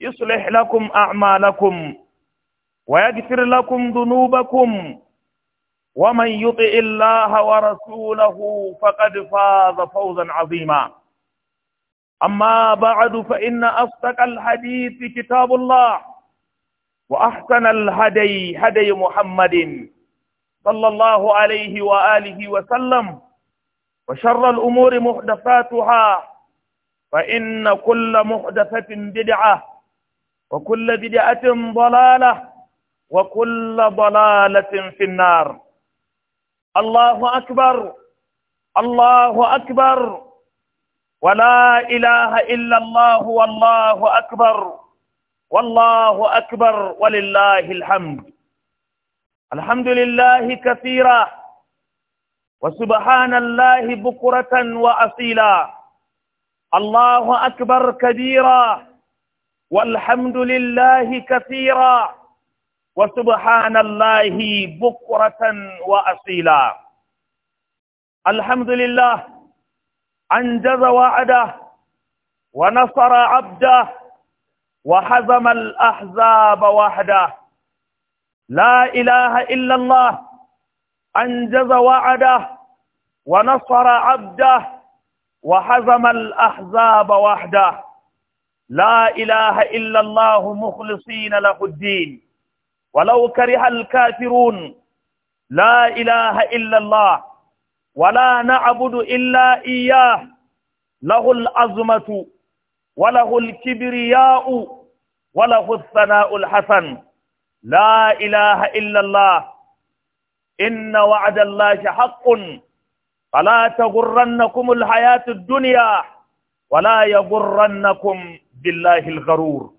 يصلح لكم أعمالكم ويغفر لكم ذنوبكم ومن يطع الله ورسوله فقد فاز فوزا عظيما أما بعد فإن أصدق الحديث كتاب الله وأحسن الهدي هدي محمد صلى الله عليه وآله وسلم وشر الأمور محدثاتها فإن كل محدثة بدعة وكل بدعة ضلالة وكل ضلالة في النار الله أكبر الله أكبر ولا إله إلا الله والله أكبر والله أكبر ولله الحمد الحمد لله كثيرا وسبحان الله بكرة وأصيلا الله أكبر كبيرا والحمد لله كثيرا وسبحان الله بكرة وأصيلا الحمد لله أنجز وعده ونصر عبده وحزم الأحزاب وحده لا إله إلا الله أنجز وعده ونصر عبده وحزم الأحزاب وحده لا إله إلا الله مخلصين له الدين ولو كره الكافرون لا إله إلا الله ولا نعبد إلا إياه له العظمة وله الكبرياء وله الثناء الحسن لا إله إلا الله إن وعد الله حق فلا تغرنكم الحياة الدنيا ولا يغرنكم بالله الغرور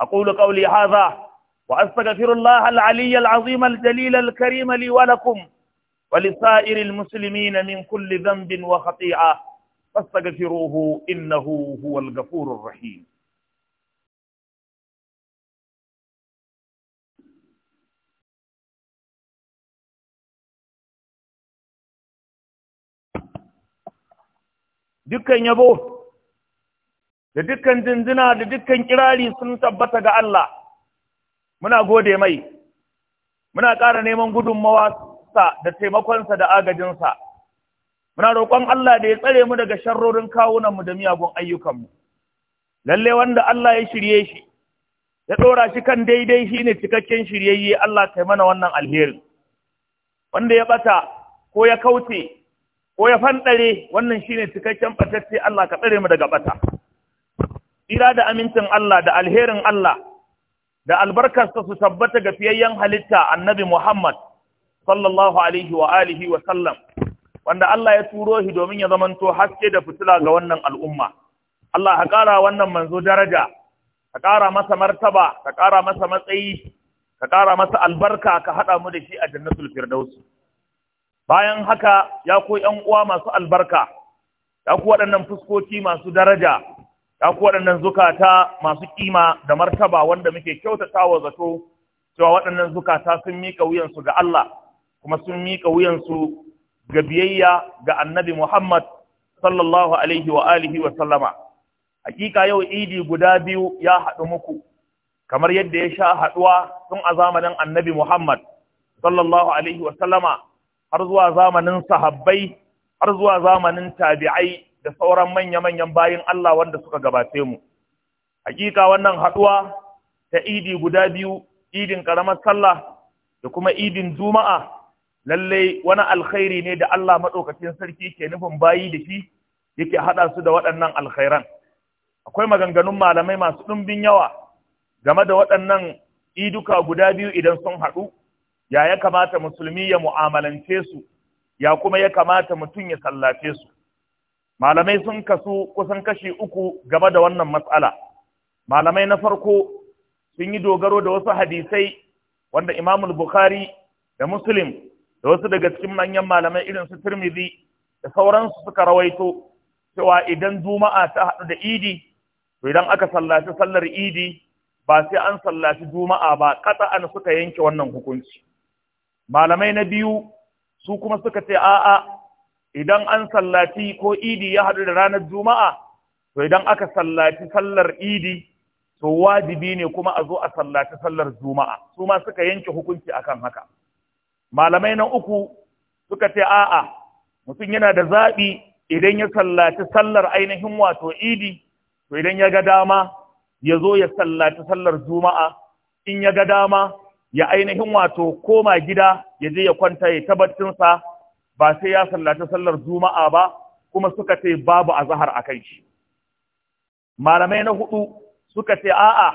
أقول قولي هذا وأستغفر الله العلي العظيم الجليل الكريم لي ولكم ولسائر المسلمين من كل ذنب وخطيئة فاستغفروه إنه هو الغفور الرحيم dukkan yabo da dukkan jinjina da dukkan kirari sun tabbata ga Allah muna gode mai muna ƙara neman gudunmawa sa da taimakonsa da agajinsa muna roƙon Allah da ya tsare mu daga sharrorin kawunan mu da miyagun ayyukanmu lalle wanda Allah ya shirye shi ya ɗora shi kan daidai shi ne cikakken shiryayye Allah kai mana wannan alherin wanda ya bata ko ya kauce ko ya fanɗare wannan shine cikakken ɓatacce Allah ka tsare mu daga ɓata tsira da amincin Allah da alherin Allah da albarkarsa su tabbata ga fiyayyen halitta annabi Muhammad sallallahu alaihi wa alihi wa sallam wanda Allah ya turo shi domin ya zamanto haske da fitila ga wannan al'umma Allah ya ƙara wannan manzo daraja ka ƙara masa martaba ka ƙara masa matsayi ka ƙara masa albarka ka haɗa mu da shi a jannatul firdaus bayan haka ya ko 'yan uwa masu albarka ya ku waɗannan fuskoki masu daraja ya ku waɗannan zukata masu kima da martaba wanda muke kyautata wa zato cewa waɗannan zukata sun miƙa wuyansu ga Allah kuma sun miƙa wuyansu ga biyayya ga annabi Muhammad sallallahu alaihi wa alihi wa sallama hakika yau idi guda biyu ya haɗu muku kamar yadda ya sha haɗuwa tun a zamanin annabi Muhammad sallallahu alaihi wa sallama har zuwa zamanin sahabbai har zuwa zamanin tabi'ai da sauran manya-manyan bayin Allah wanda suka gabace mu. Hakika wannan haɗuwa ta idi guda biyu, idin ƙaramar sallah da kuma idin juma'a, lallai wani alkhairi ne da Allah maɗaukacin sarki ke nufin bayi da shi yake haɗa su da waɗannan alkhairan. Akwai maganganun malamai masu ɗumbin yawa game da waɗannan iduka guda biyu idan sun haɗu, ya ya kamata musulmi ya mu'amalance su, ya kuma ya kamata mutum ya sallace su. malamai sun kasu kusan kashi uku gaba da wannan matsala malamai na farko sun yi dogaro da wasu hadisai wanda imamul bukhari da muslim da wasu daga cikin manyan malamai irin su tirmidhi da sauransu suka rawaito cewa idan juma'a ta haɗu da idi to idan aka sallaci sallar idi ba sai an sallaci juma'a ba kata'an suka yanke wannan hukunci malamai na biyu su kuma suka ce a'a idan an sallaci ko idi ya haɗu da ranar juma'a to idan aka sallaci sallar idi to wajibi ne kuma a zo a sallaci sallar juma'a su ma suka yanke hukunci akan haka malamai na uku suka ce a'a mutum yana da zaɓi idan ya sallaci sallar ainihin wato idi to idan ya ga dama ya zo ya sallaci sallar juma'a in ya ga dama ya ainihin wato koma gida ya je ya kwanta ya tabbatinsa ba sai ya sallaci sallar juma'a ba kuma suka ce babu azhar a kai shi malamai na hudu suka ce a'a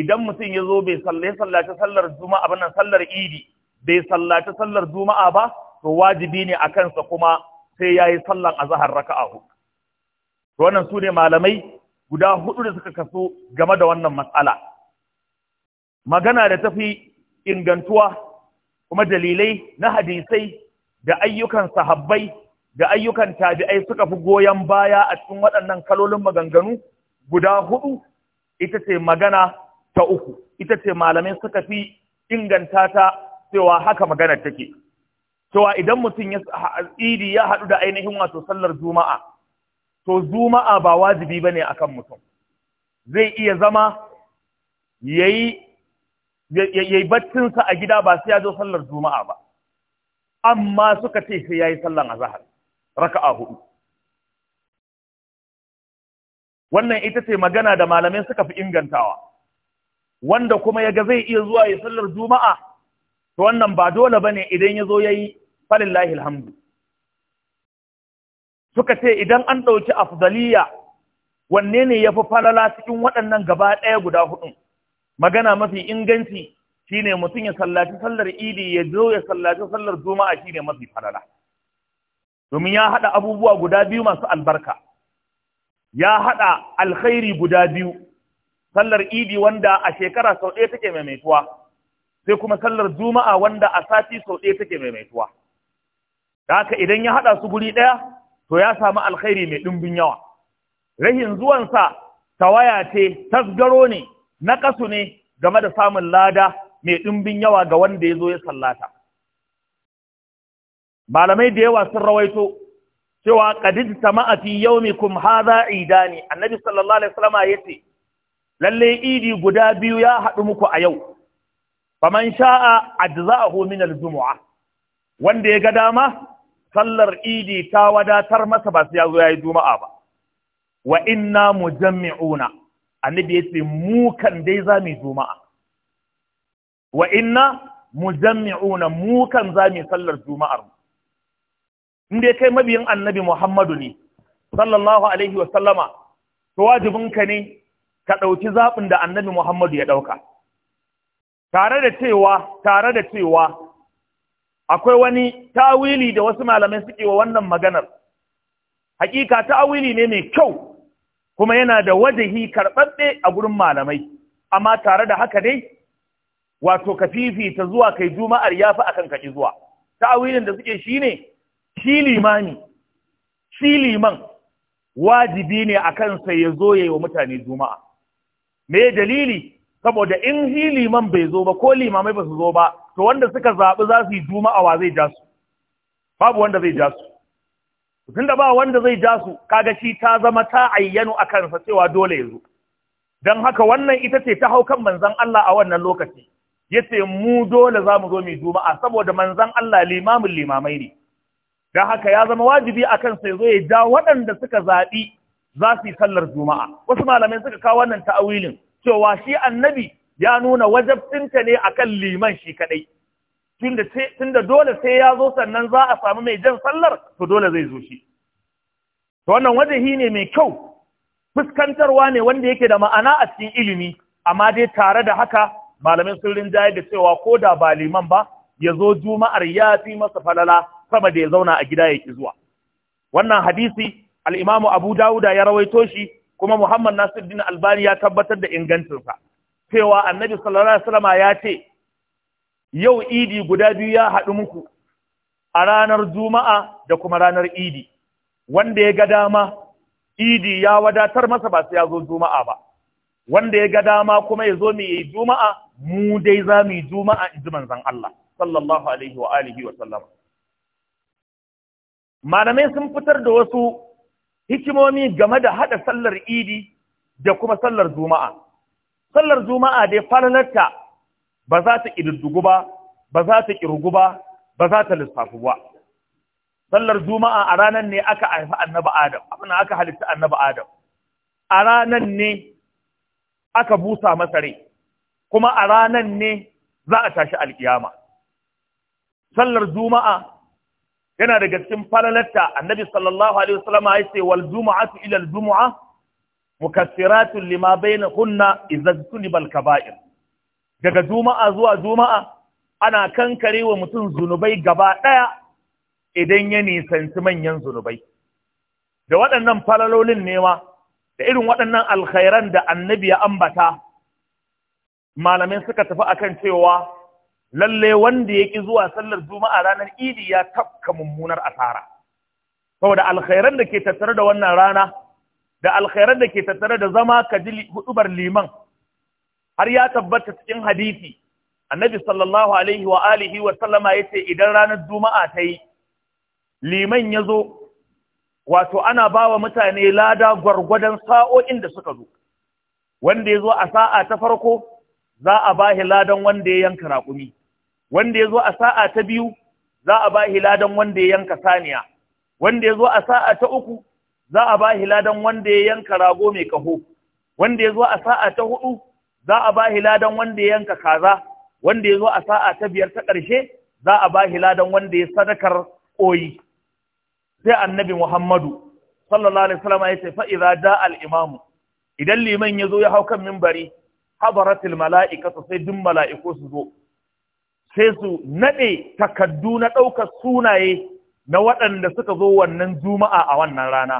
idan mutum ya zo bai sallaci sallar juma'a ba nan sallar idi bai sallaci sallar juma'a ba to wajibi ne a kansa kuma sai ya yi sallan azhar raka'a hudu wannan su ne malamai guda hudu da suka kaso game da wannan matsala. Magana da tafi ingantuwa kuma dalilai na hadisai da ayyukan sahabbai da ayyukan tabi'ai suka fi goyon baya a cikin waɗannan kalolin maganganu guda hudu ita ce magana ta uku ita ce malamai suka fi inganta ta cewa haka magana take cewa idan mutum ya idi ya haɗu da ainihin wato sallar juma'a to juma'a ba wajibi bane akan mutum zai iya zama yayi yayi baccinsa a gida ba sai ya zo sallar juma'a ba amma suka ce sai yayi sallan azhar raka'a hudu wannan ita ce magana da malamai suka fi ingantawa wanda kuma ya ga zai iya zuwa ya sallar juma'a to wannan ba dole bane idan ya yazo yayi falillahi alhamdu suka ce idan an ɗauki afdaliya wanne ne yafi falala cikin waɗannan gaba ɗaya guda hudun magana mafi inganci shine mutum ya sallaci sallar idi ya zo ya sallaci sallar juma'a shine mafi farala domin ya haɗa abubuwa guda biyu masu albarka ya haɗa alkhairi guda biyu sallar idi wanda a shekara sau ɗaya take maimaituwa sai kuma sallar juma'a wanda a sati sau ɗaya take maimaituwa da haka idan ya haɗa su guri ɗaya to ya samu alkhairi mai ɗimbin yawa rahin zuwansa tawaya ce tasgaro ne na ne game da samun lada mai ɗimbin yawa ga wanda ya zo ya sallata. Malamai da yawa sun rawaito cewa ƙadid tama'afi yaumikum haza idani annabi sallallahu alaihi wasallama ya ce lalle idi guda biyu ya haɗu muku a yau faman sha'a ajza'ahu min al-jumu'a wanda ya ga dama sallar idi ta wadatar masa ba sai ya zo yayi juma'a ba wa inna mujammi'una annabi yace mu kan dai za mu juma'a wa inna mujammi'una mu kan za sallar juma'ar in kai mabiyin annabi Muhammadu ne sallallahu alaihi wa sallama to wajibinka ne ka ɗauki zaɓin da annabi Muhammadu ya ɗauka tare da cewa tare da cewa akwai wani tawili da wasu malamai suke wa wannan maganar hakika tawili ne mai kyau kuma yana da wajahi karɓaɓɓe a gurin malamai amma tare da haka dai wato ka ta zuwa kai juma'ar ya fi akan kan zuwa ta'awilin da suke shine shi limani shi liman wajibi ne a kansa ya zo ya yi wa mutane juma'a. Me dalili, saboda in shi liman bai zo ba ko limamai ba su zo ba, to wanda suka zaɓi za su yi juma'a wa zai ja su, babu wanda zai ja su. Tun da ba wanda zai ja su, kaga shi ta zama ta ayyanu a kansa cewa dole ya zo. Don haka wannan ita ce ta hau kan manzan Allah a wannan lokaci, yace mu dole za mu zo mu juma'a saboda manzan Allah limamin limamai ne dan haka ya zama wajibi akan sai zo ya ja waɗanda suka zaɓi za su yi sallar juma'a wasu malamai suka kawo wannan ta'awilin cewa shi annabi ya nuna wajabcinta ne akan liman shi kadai tunda dole sai ya zo sannan za a samu mai jan sallar to dole zai zo shi to wannan wajahi ne mai kyau fuskantarwa ne wanda yake da ma'ana a cikin ilimi amma dai tare da haka malamin sun rinjaye da cewa ko da ba liman ba ya zo juma'ar ya fi masa falala sama da ya zauna a gida ya ki zuwa wannan hadisi al'imamu abu dawuda ya rawaito shi kuma muhammad nasiruddin albani ya tabbatar da ingancinsa cewa annabi sallallahu alaihi wasallama ya ce yau idi guda biyu ya haɗu muku a ranar juma'a da kuma ranar idi wanda ya ga dama idi ya wadatar masa ba sai ya zo juma'a ba wanda ya ga dama kuma ya zo mu yi juma'a mu dai za mu yi juma'a in ji manzon Allah sallallahu alaihi wa alihi wa sallama. malamai sun fitar da wasu hikimomi game da hada sallar idi da kuma sallar juma'a sallar juma'a dai falalarta ba za ta ƙididdugu ba ba za ta ƙirugu ba ba za ta lissafu ba sallar juma'a a ranar ne aka haifi annabi adam abin aka halitta annabi adam a ranar ne aka busa masare kuma a ranan ne za a tashi alkiyama sallar juma'a yana daga cikin falalarta annabi sallallahu alaihi wasallam ya ce wal juma'atu ila al jumu'a mukassiratun lima bainahunna idza tunibal kaba'ir daga juma'a zuwa juma'a ana kankare wa mutum zunubai gaba daya idan ya nisanci manyan zunubai da waɗannan falalolin ne ma da irin waɗannan alkhairan da annabi ya ambata malamai suka tafi akan cewa lalle wanda ya ƙi zuwa sallar juma'a ranar idi ya tafka mummunar asara saboda alkhairan da ke tattare da wannan rana da alkhairan da ke tattare da zama ka ji hudubar liman har ya tabbata cikin hadisi annabi sallallahu alaihi wa alihi wa sallama yace idan ranar juma'a ta yi liman ya zo wato ana bawa mutane lada gwargwadon sa'o'in da suka zo wanda ya zo a sa'a ta farko za a ba shi ladan wanda ya yanka raƙumi wanda ya zo a sa'a ta biyu za a ba shi ladan wanda ya yanka saniya wanda ya zo a sa'a ta uku za a ba shi ladan wanda ya yanka rago mai ƙaho wanda ya zo a sa'a ta hudu za a ba shi ladan wanda ya yanka kaza wanda ya zo a sa'a ta biyar ta ƙarshe za a ba shi ladan wanda ya sadakar ƙoyi sai annabi Muhammadu sallallahu alaihi wasallam ya ce fa idza al imamu idan liman yazo ya hau kan minbari habaratil mala'ikatu sai duk mala'iku su zo sai su nade takaddu na daukar sunaye na waɗanda suka zo wannan juma'a a wannan rana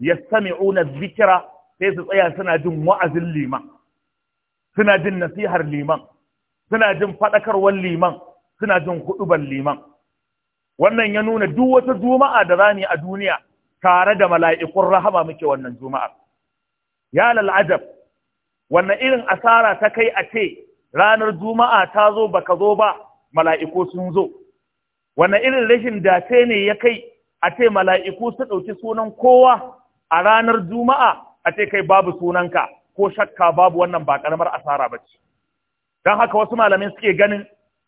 yastami'una dhikra sai su tsaya suna jin wa'azin liman suna jin nasihar liman suna jin fadakarwar liman suna jin hudubar liman wannan ya nuna duk wata juma'a da za a duniya tare da mala'ikun rahama muke wannan juma'a ya lal'ajab wannan irin asara ta kai a ce ranar juma'a ta zo baka zo ba mala'iku sun zo wannan irin rashin dace ne ya kai a ce mala'iku su ɗauki sunan kowa a ranar juma'a a ce kai babu sunanka ko shakka babu wannan ba ƙaramar asara ba ce don haka wasu malamai suke ganin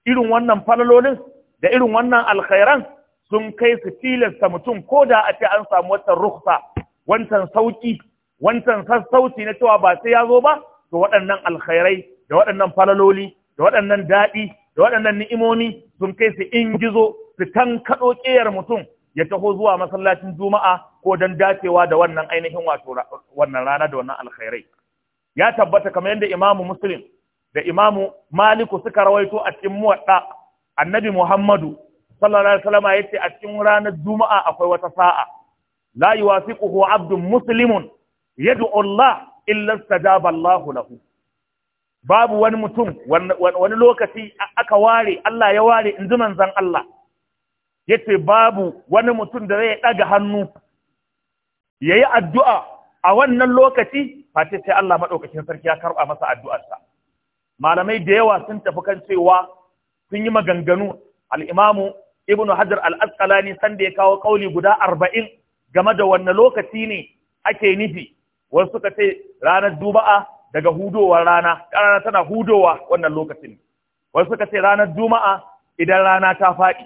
irin wannan falalolin da irin wannan alkhairan sun kai su tilasta mutum ko da a ce an samu wata ruksa wancan sauki wancan sassauci na cewa ba sai ya zo ba to waɗannan alkhairai da waɗannan falaloli da waɗannan daɗi da waɗannan ni'imomi sun kai su in gizo su kaɗo ƙeyar mutum ya taho zuwa masallacin juma'a ko don dacewa da wannan ainihin wato wannan rana da wannan alkhairai ya tabbata kamar yadda imamu muslim da imamu maliku suka rawaito a cikin muwadda annabi Muhammadu sallallahu alaihi yace a cikin ranar juma'a akwai wata sa'a la yuwafiquhu abdun muslimun yad'u Allah illasta istajaba Allahu lahu babu wani mutum wani lokaci aka ware Allah ya ware in ji Allah yace babu wani mutum da zai daga hannu yayi addu'a a wannan lokaci face sai Allah madaukakin sarki ya karɓa masa addu'arsa malamai da yawa sun tafi kan cewa sun yi maganganu al'imamu ibn hajar al'asqalani sanda ya kawo ƙauli guda arba'in game da wanne lokaci ne ake nufi wasu suka ce ranar juma'a daga hudowar rana rana tana hudowa wannan lokacin wasu suka ce ranar juma'a idan rana ta faɗi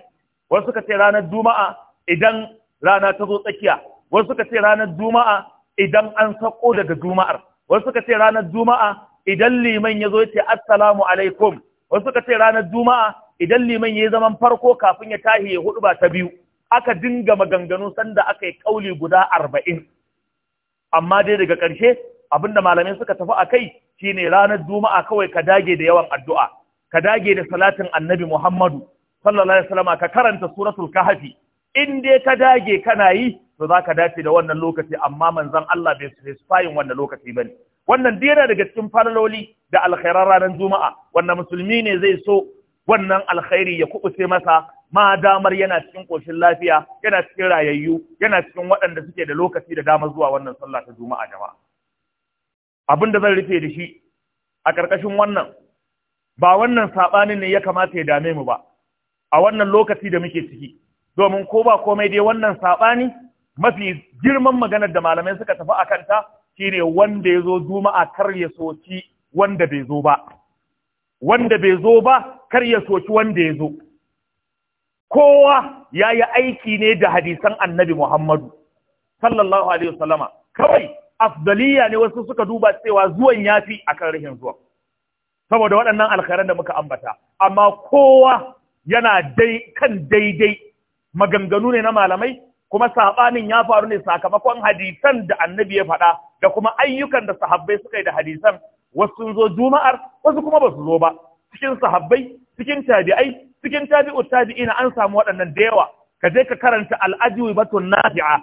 wasu suka ce ranar juma'a idan rana ta zo tsakiya wasu suka ce ranar juma'a idan an sako daga juma'ar wasu suka ce ranar juma'a idan liman ya zo ya ce assalamu alaikum wasu suka ce ranar juma'a idan liman ya yi zaman farko kafin ya tahi ya hudu ba ta biyu aka dinga maganganu sanda aka yi kauli guda arba'in amma dai daga ƙarshe abinda malamai suka tafi a kai shine ranar juma'a kawai ka dage da yawan addu'a ka dage da salatin annabi muhammadu sallallahu alaihi ka karanta suratul kahafi. in dai ka dage kana yi to za ka dace da wannan lokaci amma manzon Allah bai fayin wannan lokaci ba ne. wannan duk yana daga cikin falaloli da alkhairar ranar juma'a Wannan musulmi ne zai so wannan alkhairi ya kubuce masa ma damar yana cikin koshin lafiya yana cikin rayayyu yana cikin waɗanda suke da lokaci da damar zuwa wannan sallah ta juma'a jama'a abin da zan rufe da shi a ƙarƙashin wannan ba wannan saɓani ne ya kamata ya dame mu ba a wannan lokaci da muke ciki domin ko ba komai dai wannan saɓani mafi girman maganar da malamai suka tafi a kanta Shi ne wanda ya zo juma'a kar ya soki wanda bai zo ba wanda bai zo ba kar ya soci wanda ya zo kowa ya yi aiki ne da hadisan annabi Muhammadu sallallahu alaihi wasallama kawai afdaliya ne wasu suka duba cewa zuwan yafi kan rikin zuwa saboda waɗannan alkhairan da muka ambata amma kowa yana dai kan daidai maganganu ne na malamai kuma saɓanin ya faru ne sakamakon hadisan da annabi ya faɗa da kuma ayyukan da sahabbai suka yi da hadisan wasu sun zo juma'ar wasu kuma ba su zo ba cikin sahabbai cikin tabi'ai cikin tabi'u tabi'ina an samu waɗannan da yawa ka je ka karanta al batun nafi'a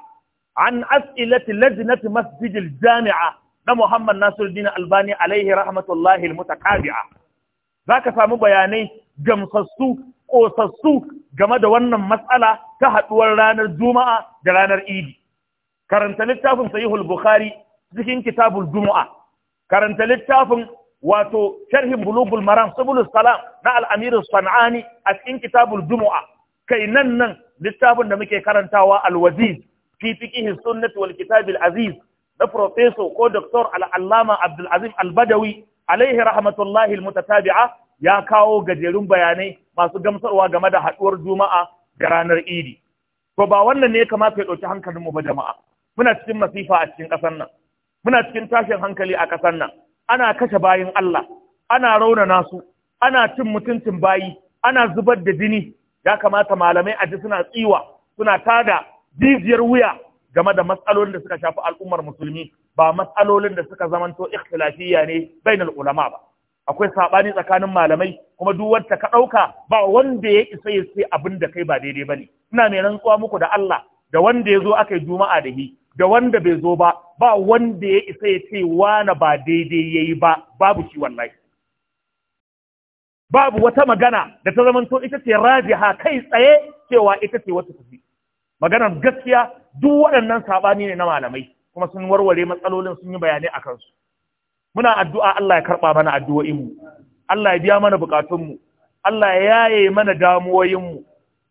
an as'ilati lajnati masjidil jami'a na Muhammad Nasiruddin Albani alaihi rahmatullahi al Za zaka samu bayanai gamsassu kosassu game da wannan matsala ta haduwar ranar Juma'a da ranar Idi karanta littafin Sahihul Bukhari cikin kitabul Jumu'a, Karanta littafin wato sharhin bulugul maram subulus salam na al'amirin sana'ani a cikin kitabul Jumu'a Kai nan nan littafin da muke karantawa alwaziz fi fiqh sunnati wal kitab aziz na professor ko doctor al-allama Abdul Azim al-Badawi alaihi rahmatullahi al-mutatabi'a ya kawo gajerun bayanai masu gamsarwa game da haɗuwar juma'a da ranar idi. To ba wannan ne ya kamata ya ɗauki hankalinmu ba jama'a. Muna cikin masifa a cikin ƙasar nan. muna cikin tashin hankali a ƙasar nan ana kashe bayin Allah ana raunana su ana cin mutuncin bayi ana zubar da jini ya kamata malamai a ji suna tsiwa suna tada jijiyar wuya game da matsalolin da suka shafi al'ummar musulmi ba matsalolin da suka zamanto ikhtilafiyya ne bainal ulama ba akwai sabani tsakanin malamai kuma duk wanda ka dauka ba wanda ya isa ya sai abin da kai ba daidai bane ina mai rantsuwa muku da Allah da wanda ya zo aka juma'a da hi da wanda bai zo ba ba wanda ya isa ya ce wane ba daidai ya yi ba babu shi wallahi babu wata magana da ta zamanto ita ce rajiha kai tsaye cewa ita ce wata tafi maganar gaskiya duk waɗannan saɓani ne na malamai kuma sun warware matsalolin sun yi bayanai a kansu muna addu'a Allah ya karɓa mana addu'o'inmu Allah ya biya mana buƙatunmu Allah ya yaye mana damuwoyinmu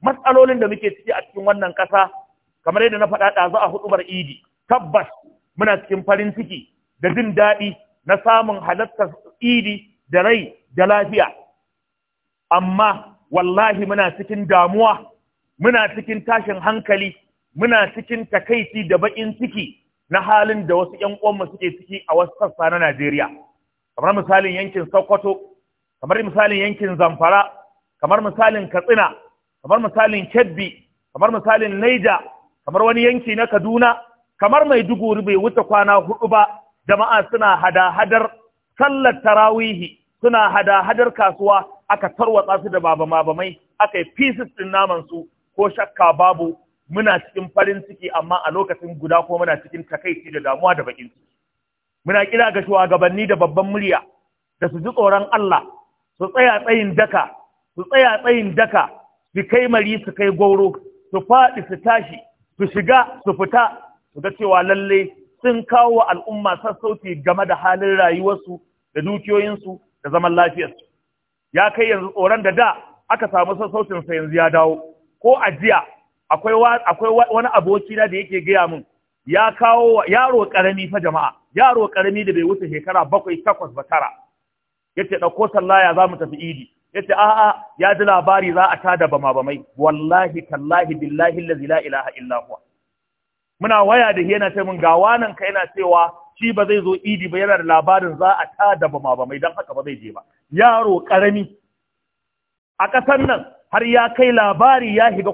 matsalolin da muke ciki a cikin wannan ƙasa kamar yadda na faɗa ɗazu a hudubar idi tabbas muna cikin farin ciki da jin daɗi na samun halartar idi da rai da lafiya amma wallahi muna cikin damuwa muna cikin tashin hankali muna cikin takaici da baƙin ciki na halin da wasu ƴan uwanmu suke ciki a wasu sassa na Najeriya kamar misalin yankin Sokoto kamar misalin yankin Zamfara kamar misalin Katsina kamar misalin Kebbi kamar misalin Niger kamar wani yanki na Kaduna kamar mai duguri bai wuce kwana hudu ba jama'a suna hada-hadar sallar tarawihi suna hada-hadar kasuwa aka tarwatsa su da babamabamai aka yi pieces din naman su ko shakka babu muna cikin farin ciki amma a lokacin guda ko muna cikin takaici da damuwa da bakin ciki muna kira ga shugabanni da babban murya da su ji tsoron Allah su tsaya tsayin daka su tsaya tsayin daka su kai mari su kai goro su faɗi su tashi su shiga su fita su ga cewa lalle sun kawo wa al'umma sassauci game da halin rayuwarsu da dukiyoyinsu da zaman lafiyarsu ya kai yanzu tsoron da da aka samu sassaucin sa yanzu ya dawo ko a jiya akwai wani abokina na da yake gaya min ya kawo wa yaro karami fa jama'a yaro karami da bai wuce shekara bakwai takwas ba tara yace ɗauko sallaya za mu tafi idi yace a a'a ya ji labari za a tada bama bamai wallahi tallahi billahi allazi la ilaha illa huwa muna waya da yana ce mun ga wanan ka yana cewa shi ba zai zo idi ba yana da labarin za a tada bama bamai dan haka ba zai je ba yaro karami a ƙasar nan har ya kai labari ya higa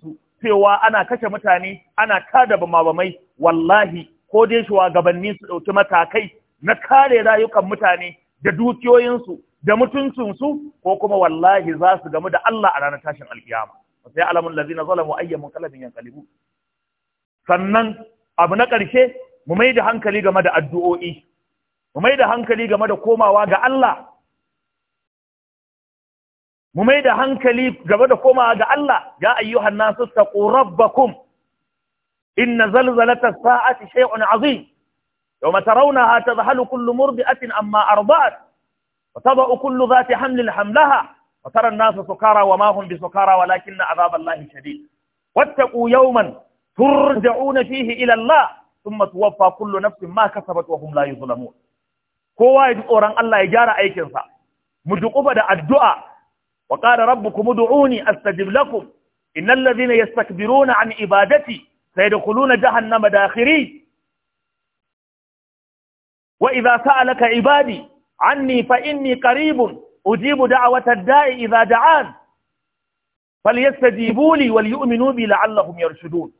su cewa ana kashe mutane ana tada bama bamai wallahi ko dai shugabanni su dauki matakai na kare rayukan mutane da dukiyoyinsu da mutuncinsu ko kuma wallahi za su gamu da Allah a ranar tashin alkiyama sai alamun lazina zalamu ayyamin kalabin yankalibu sannan abu na ƙarshe mu mai da hankali game da addu'o'i mu mai da hankali game da komawa ga Allah mu mai da hankali game da komawa ga Allah ya ayyuhan nasu taqu rabbakum inna zalzalata sa'ati shay'un azim yawma tarawnaha tadhhalu kullu murdi'atin amma arba'at وتضع كل ذات حمل حملها وترى الناس سكارى وما هم بسكارى ولكن عذاب الله شديد واتقوا يوما ترجعون فيه إلى الله ثم توفى كل نفس ما كسبت وهم لا يظلمون كوا أوران الله يجارى أي كنسا مجقوبة الدعاء وقال ربكم ادعوني أستجب لكم إن الذين يستكبرون عن عبادتي سيدخلون جهنم داخرين وإذا سألك عبادي عني فإني قريب أجيب دعوة الداء إذا دعان فليستجيبوا لي وليؤمنوا بي لعلهم يرشدون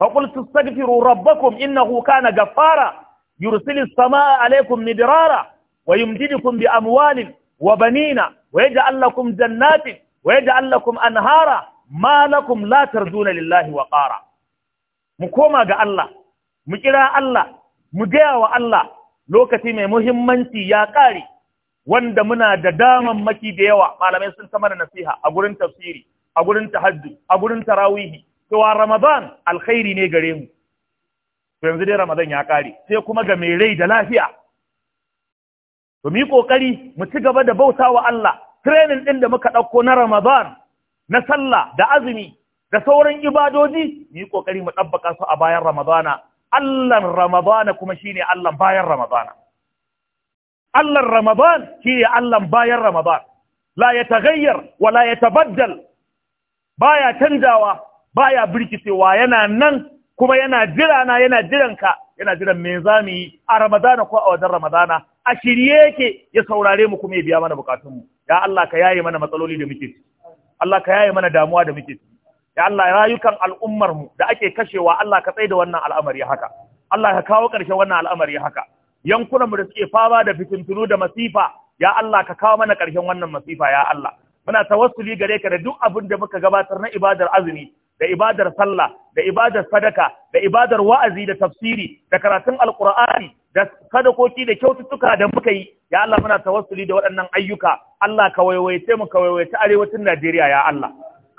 فقلت استغفروا ربكم إنه كان غفارا يرسل السماء عليكم مدرارا ويمددكم بأموال وبنين ويجعل لكم جنات ويجعل لكم أنهارا ما لكم لا ترجون لله وقارا مكوما قال الله مجرى الله مجيا الله lokaci mai muhimmanci ya ƙare wanda muna da daman maki da yawa malamai sun ta mana nasiha a gurin tafsiri a gurin tahajju a gurin tarawihi cewa ramadan alkhairi ne gare mu yanzu dai ramadan ya ƙare sai kuma ga mai rai da lafiya to mu kokari mu ci gaba da bautawa Allah training din da muka ɗauko na ramadan na sallah da azumi da sauran ibadoji mu yi kokari mu ɗabbaka su a bayan ramadana Allahn Ramadana kuma shi ne Allahn bayan Ramadana. Allahn Ramadan shine ne Allahn bayan Ramadan, la ya wa la ya tabaddal, baya canjawa, baya birkicewa yana nan kuma yana jira na yana jiranka, yana jiran me za mu yi a Ramadana ko a wajen Ramadana, a shirye yake ya saurare mu kuma ya biya mana bukatunmu. Ya Allah ka yaye mana matsaloli da muke ci, Allah ka yaye mana damuwa da muke ci. ya Allah rayukan al'ummar mu da ake kashewa Allah ka tsaye da wannan al'amari haka Allah ka kawo ƙarshen wannan al'amari haka yankunan mu da suke fama da fitintunu da masifa ya Allah ka kawo mana ƙarshen wannan masifa ya Allah muna tawassuli gare ka da duk abin da muka gabatar na ibadar azumi da ibadar sallah da ibadar sadaka da ibadar wa'azi da tafsiri da karatun alqur'ani da sadakoki da kyaututtuka da muka yi ya Allah muna tawassuli da waɗannan ayyuka Allah ka ce mu ka ta arewacin Najeriya ya Allah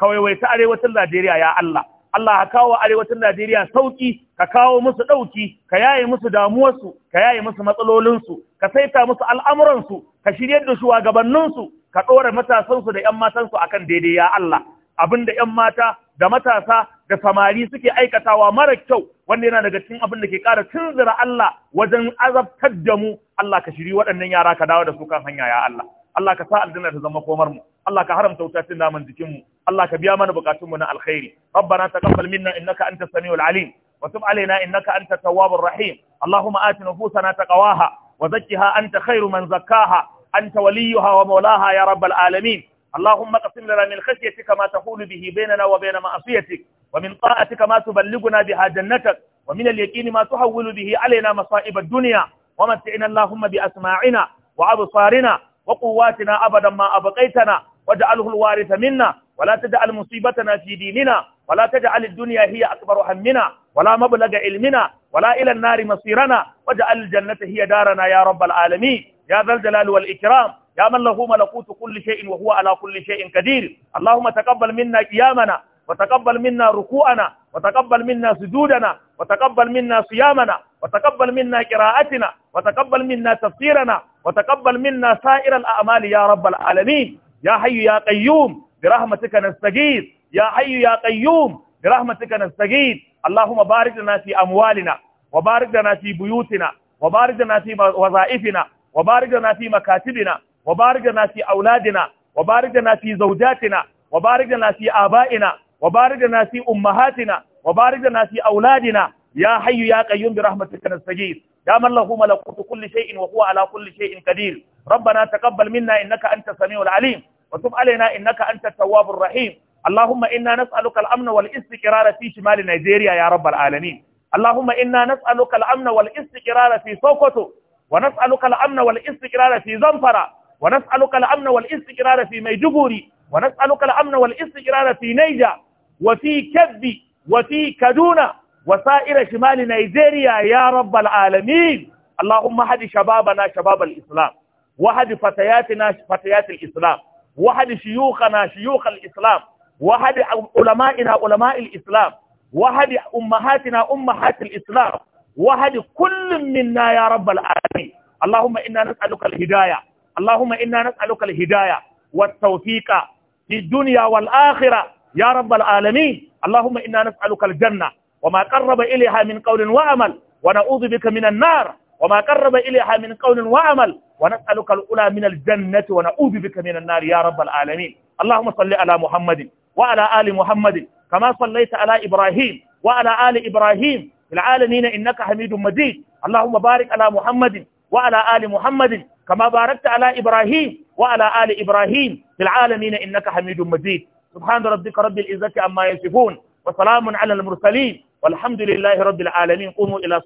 kawai ta arewacin Najeriya ya Allah Allah ka kawo arewacin Najeriya sauki ka kawo musu ɗauki, ka yaye musu damuwarsu ka yaye musu matsalolinsu ka saita musu al'amuransu ka shirye da shugabanninsu ka ɗora matasansu da ‘yan matansu a kan daidai ya Allah, abin da ‘yan mata da matasa da samari suke aikatawa mara kyau wanda yana daga cikin abin da ke ƙara tunzura Allah wajen azabtar da mu Allah ka shiri waɗannan yara ka dawo da su kan hanya ya Allah. Allah ka sa aljanna ta zama komar mu Allah ka haramta wutacin naman jikin mu Allah ka biya mana bukatun mu na alkhairi rabbana taqabbal minna innaka antas samiul alim wa tub alaina innaka antat tawwabur rahim allahumma ati nufusana taqwaha wa zakkiha anta khairu man zakkaha anta waliyuha wa mawlaha ya rabbal alamin اللهم اقسم لنا من خشيتك ما تحول به بيننا وبين معصيتك ومن طاعتك ما تبلغنا بها جنتك ومن اليقين ما تحول به علينا مصائب الدنيا ومتعنا اللهم بأسماعنا وأبصارنا وقواتنا أبدا ما أبقيتنا واجعله الوارث منا ولا تجعل مصيبتنا في ديننا ولا تجعل الدنيا هي أكبر همنا ولا مبلغ علمنا ولا إلى النار مصيرنا واجعل الجنة هي دارنا يا رب العالمين يا ذا الجلال والإكرام يا من له ملكوت كل شيء وهو على كل شيء قدير اللهم تقبل منا قيامنا وتقبل منا ركوعنا وتقبل منا سجودنا وتقبل منا صيامنا وتقبل منا قراءتنا وتقبل منا تفسيرنا وتقبل منا سائر الأعمال يا رب العالمين يا حي يا قيوم برحمتك نستغيث يا حي يا قيوم برحمتك نستغيث اللهم بارك لنا في أموالنا وبارك لنا في بيوتنا وبارك لنا في وظائفنا وبارك لنا في مكاتبنا وبارك لنا في أولادنا وبارك لنا في زوجاتنا وبارك لنا في آبائنا وبارك لنا في أمهاتنا وبارك لنا في أولادنا يا حي يا قيوم برحمتك نستجيب يا من له ملكوت كل شيء وهو على كل شيء قدير ربنا تقبل منا إنك أنت السميع العليم وتب علينا إنك أنت التواب الرحيم اللهم إنا نسألك الأمن والاستقرار في شمال نيجيريا يا رب العالمين اللهم إنا نسألك الأمن والاستقرار في سوكوتو ونسألك الأمن والاستقرار في زنفرة ونسألك الأمن والاستقرار في ميجبوري ونسألك الأمن والاستقرار في نيجا وفي كبي وفي كدونا وسائر شمال نيجيريا يا رب العالمين اللهم هدي شبابنا شباب الإسلام وهدي فتياتنا فتيات الإسلام وهدي شيوخنا شيوخ الإسلام وهدي علمائنا علماء الإسلام وهدي أمهاتنا أمهات الإسلام وهدي كل منا يا رب العالمين اللهم إنا نسألك الهداية اللهم إنا نسألك الهداية والتوفيق في الدنيا والآخرة يا رب العالمين اللهم إنا نسألك الجنة وما قرب إليها من قول وعمل ونعوذ بك من النار وما قرب إليها من قول وعمل ونسألك الأولى من الجنة ونعوذ بك من النار يا رب العالمين اللهم صل على محمد وعلى آل محمد كما صليت على إبراهيم وعلى آل إبراهيم في العالمين إنك حميد مجيد اللهم بارك على محمد وعلى آل محمد كما باركت على إبراهيم وعلى آل إبراهيم في العالمين إنك حميد مجيد subhana rabbika rabbil izzati amma yasifun wa salamun ala al mursalin walhamdulillahi rabbil alamin qumu